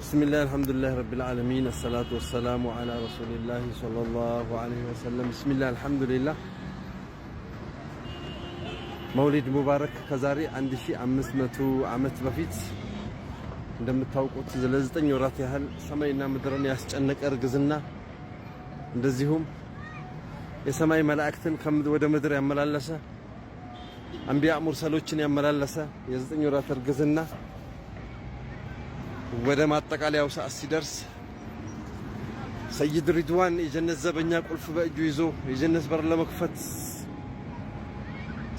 ብስሚላህ አልሐምዱሊላህ ረቢል ዓለሚን አሰላቱ ወሰላሙ ዓላ ረሱሊላህ ሰለላሁ ዓለይሂ ወሰለም። ብስሚላህ አልሐምዱሊላህ። መውሊድ ሙባረክ ከዛሬ 1500 ዓመት በፊት እንደምታውቁት ለዘጠኝ ወራት ያህል ሰማይና ምድርን ያስጨነቀ እርግዝና እንደዚሁም የሰማይ መላእክትን ወደ ምድር ያመላለሰ አንቢያ ሙርሰሎችን ያመላለሰ የዘጠኝ ወራት እርግዝና ወደ ማጠቃለያው ሰዓት ሲደርስ ሰይድ ሪድዋን የጀነት ዘበኛ ቁልፍ በእጁ ይዞ የጀነት በር ለመክፈት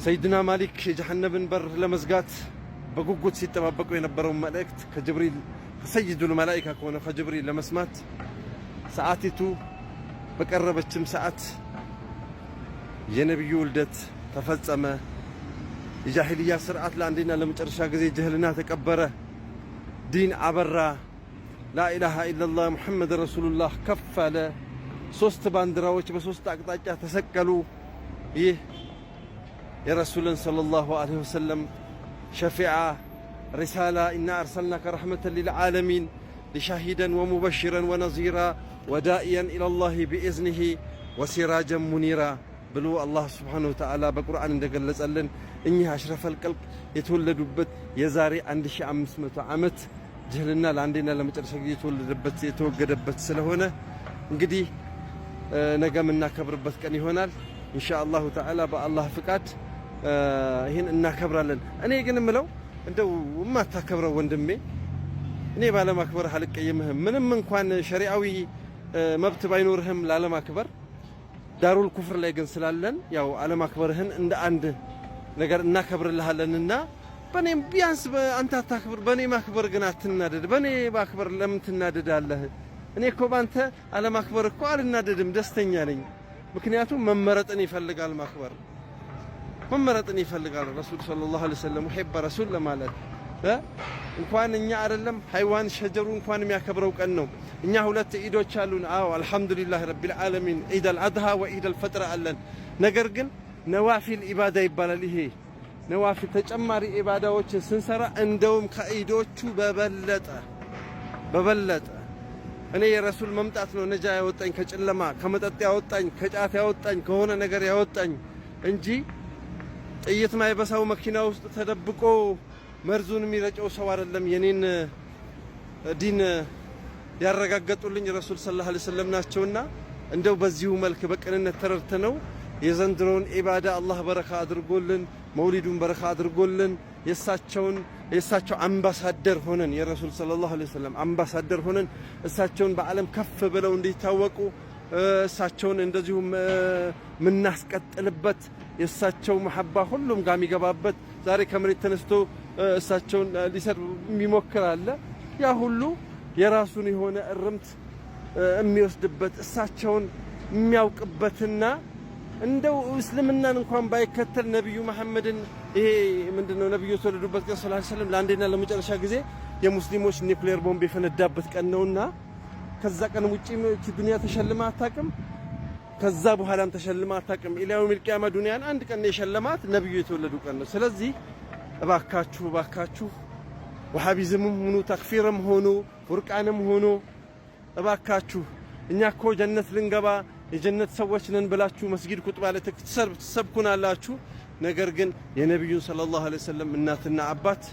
ሰይድና ማሊክ የጀሃነብን በር ለመዝጋት በጉጉት ሲጠባበቁ የነበረውን መልእክት ከጅብሪል ከሰይዱል መላኢካ ከሆነ ከጅብሪል ለመስማት ሰዓቲቱ በቀረበችም ሰዓት የነቢዩ ውልደት ተፈጸመ። የጃሂልያ ስርዓት ለአንዴና ለመጨረሻ ጊዜ ጅህልና ተቀበረ። ዲን አበራ ላኢላሃ ኢለላህ ሙሐመድ ረሱሉላህ ከፍ አለ። ሶስት ባንዲራዎች በሶስት አቅጣጫ ተሰቀሉ። ይህ የረሱልን ሰለላሁ ዐለይሂ ወሰለም ሸፊዓ ሪሳላ ኢና አርሰልናከ ረሕመተን ሊልዓለሚን ሊሻሂደን ወሙበሽረን ወነዚራ ወዳኢየን ኢለላሂ ቢኢዝኒሂ ወሲራጀን ሙኒራ ብሎ አላህ ስብሓነሁ ወተዓላ በቁርአን እንደገለጸልን እኚህ አሽረፈል ቀልቅ የተወለዱበት የዛሬ 1500 ዓመት ጅህልና ለአንዴና ለመጨረሻ ጊዜ የተወለደበት የተወገደበት ስለሆነ እንግዲህ ነገ የምናከብርበት ቀን ይሆናል። ኢንሻአላሁ ተዓላ በአላህ ፍቃድ ይህን እናከብራለን። እኔ ግን ምለው እንደው የማታከብረው ወንድሜ እኔ ባለማክበርህ አልቀየምህም። ምንም እንኳን ሸሪዓዊ መብት ባይኖርህም ላለማክበር ዳሩል ኩፍር ላይ ግን ስላለን ያው አለማክበርህን እንደ አንድ ነገር እናከብርልሃለንና በኔም ቢያንስ አንተ አታክብር፣ በኔ ማክበር ግን አትናደድ። በኔ ማክበር ለምን ትናደዳለህ? እኔ እኮ ባንተ አለማክበር እኮ አልናደድም፣ ደስተኛ ነኝ። ምክንያቱም መመረጥን ይፈልጋል ማክበር፣ መመረጥን ይፈልጋል። ረሱል ሰለላሁ ዐለይሂ ወሰለም ሂበ ረሱል ለማለት እንኳን እኛ አይደለም ሀይዋን ሸጀሩ እንኳን የሚያከብረው ቀን ነው። እኛ ሁለት ኢዶች አሉን። አዎ አልሐምዱሊላህ ረቢል ዓለሚን ኢደል አድሃ ወኢደል ፈጥር አለን። ነገር ግን ነዋፊል ኢባዳ ይባላል ይሄ ነዋፊ ተጨማሪ ኢባዳዎችን ስንሰራ እንደውም ከኢዶቹ በበለጠ በበለጠ እኔ የረሱል መምጣት ነው ነጃ ያወጣኝ ከጨለማ ከመጠጥ ያወጣኝ ከጫት ያወጣኝ ከሆነ ነገር ያወጣኝ እንጂ ጥይት ማይበሳው መኪና ውስጥ ተደብቆ መርዙን የሚረጨው ሰው አይደለም። የኔን ዲን ያረጋገጡልኝ ረሱል ሰለላሁ ዐለይሂ ወሰለም ናቸውና እንደው በዚሁ መልክ በቅንነት ነው። የዘንድሮውን ኢባዳ አላህ በረካ አድርጎልን መውሊዱን በረካ አድርጎልን የእሳቸውን የእሳቸው አምባሳደር ሆነን የረሱል ሰለላሁ ዐለይሂ ወሰለም አምባሳደር ሆነን እሳቸውን በዓለም ከፍ ብለው እንዲታወቁ እሳቸውን እንደዚሁ የምናስቀጥልበት የእሳቸው መሐባ ሁሉም ጋር የሚገባበት ዛሬ ከመሬት ተነስቶ እሳቸውን ሊሰድ የሚሞክር አለ። ያ ሁሉ የራሱን የሆነ እርምት የሚወስድበት እሳቸውን የሚያውቅበትና እንደው እስልምናን እንኳን ባይከተል ነብዩ መሐመድን ይሄ ምንድነው ነብዩ የተወለዱበት ቀን ሰለላሁ ዐለይሂ ወሰለም ለአንዴና ለመጨረሻ ጊዜ የሙስሊሞች ኒውክሌር ቦምብ የፈነዳበት ቀን ነውና ከዛ ቀን ውጪ ዱንያ ተሸልማ አታቅም። ከዛ በኋላም ተሸልማ አታቅም። ኢላው ሚልቂያማ ዱንያን አንድ ቀን የሸለማት ነብዩ የተወለዱ ቀን ነው። ስለዚህ እባካችሁ እባካችሁ ወሃቢዝምም ሆኑ ተክፊርም ሆኑ ቡርቃንም ሆኑ እባካችሁ እኛ እኮ ጀነት ልንገባ የጀነት ሰዎች ነን ብላችሁ መስጊድ ቁጥባ ላይ ትሰብኩናላችሁ። ነገር ግን የነቢዩን ሰለላሁ ዐለይሂ ወሰለም እናትና አባት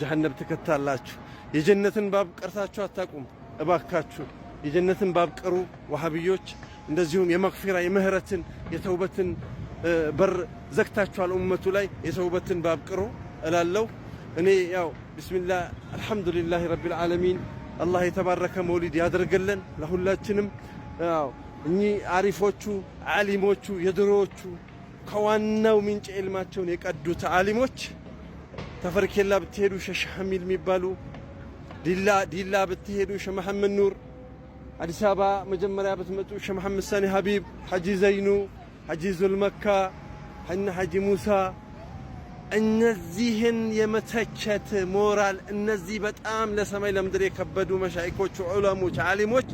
ጀሀነም ትከታላችሁ። የጀነትን ባብ ቀርታችሁ አታቁም። እባካችሁ የጀነትን ባብ ቅሩ ዋሃብዮች። እንደዚሁም የመግፊራ የምህረትን የተውበትን በር ዘግታችኋል ኡመቱ ላይ። የተውበትን ባብ ቅሩ እላለሁ እኔ ያው ቢስሚላህ አልሐምዱሊላህ ረቢል ዓለሚን አላህ የተባረከ መውሊድ ያደርገለን ለሁላችንም። እኚህ አሪፎቹ አሊሞቹ የድሮዎቹ ከዋናው ምንጭ ዕልማቸውን የቀዱት አሊሞች ተፈርኬላ ብትሄዱ ሸህ ሐሚድ የሚባሉ ዲላ ዲላ ብትሄዱ ሸህ መሐመድ ኑር፣ አዲስ አበባ መጀመሪያ ብትመጡ ሸህ መሐመድ ሳኒ ሀቢብ፣ ሐጂ ዘይኑ፣ ሐጂ ዙልመካ እና ሐጂ ሙሳ እነዚህን የመተቸት ሞራል እነዚህ በጣም ለሰማይ ለምድር የከበዱ መሻይኮቹ ዑለሞች አሊሞች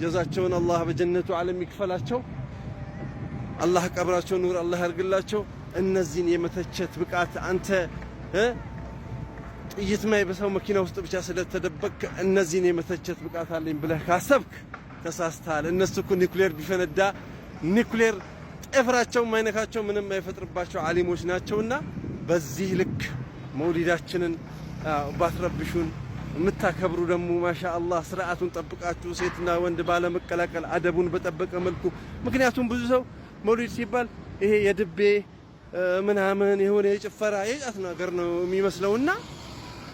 ጀዛቸውን አላህ በጀነቱ ዓለም ይክፈላቸው። አላህ ቀብራቸው ኑር አላህ ያርግላቸው። እነዚህን የመተቸት ብቃት አንተ ጥይት ማይ በሰው መኪና ውስጥ ብቻ ስለተደበቅክ እነዚህን የመተቸት ብቃት አለኝ ብለህ ካሰብክ ተሳስተሃል። እነሱ እኮ ኒኩሌር ቢፈነዳ ኒኩሌር ጥፍራቸው ማይነካቸው ምንም አይፈጥርባቸው አሊሞች ናቸውና በዚህ ልክ መውሊዳችንን ባትረብሹን የምታከብሩ ደግሞ ማሻ አላህ ስርዓቱን ጠብቃችሁ ሴትና ወንድ ባለመቀላቀል አደቡን በጠበቀ መልኩ። ምክንያቱም ብዙ ሰው መውሊድ ሲባል ይሄ የድቤ ምናምን የሆነ የጭፈራ የጫት ነገር ነው የሚመስለውና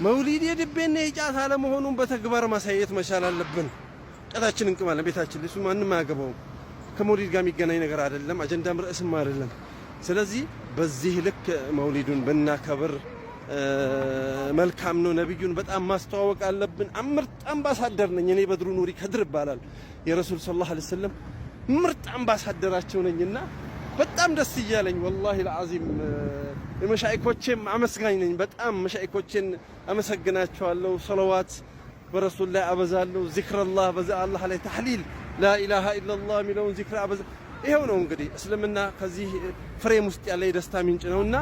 መውሊድ የድቤና የጫት አለመሆኑን በተግባር ማሳየት መቻል አለብን። ጫታችን እንቅማለን ቤታችን፣ ልሱ ማንም አያገባውም። ከመውሊድ ጋር የሚገናኝ ነገር አይደለም፣ አጀንዳም ርዕስም አይደለም። ስለዚህ በዚህ ልክ መውሊዱን ብናከብር መልካም ነው። ነቢዩን በጣም ማስተዋወቅ አለብን። ምርጥ አምባሳደር ነኝ እኔ በድሩ ኑሪ ከድር ይባላል የረሱል ሰለላሁ ዐለይሂ ወሰለም ምርጥ አምባሳደራቸው ነኝና በጣም ደስ እያለኝ ወላሂ ለዓዚም የመሻይኮቼም አመስጋኝ ነኝ። በጣም መሻይኮቼን አመሰግናቸዋለሁ። ሰለዋት በረሱል ላይ አበዛለሁ። ዚክረላህ በዛ አላህ ላይ ተሕሊል ላኢላሃ ኢለላህ የሚለውን ዚክር አበዛ። ይኸው ነው እንግዲህ እስልምና ከዚህ ፍሬም ውስጥ ያለ የደስታ ምንጭ ነውና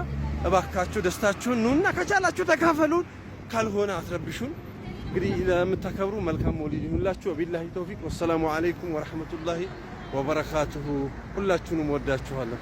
እባካችሁ ደስታችሁን ኑና ከቻላችሁ ተካፈሉን፣ ካልሆነ አትረብሹን። እንግዲህ ለምታከብሩ መልካም መውሊድ ይሁንላችሁ። ወቢላሂ ተውፊቅ ወሰላሙ አለይኩም ወረሕመቱላሂ ወበረካቱሁ። ሁላችሁንም ወዳችኋለሁ።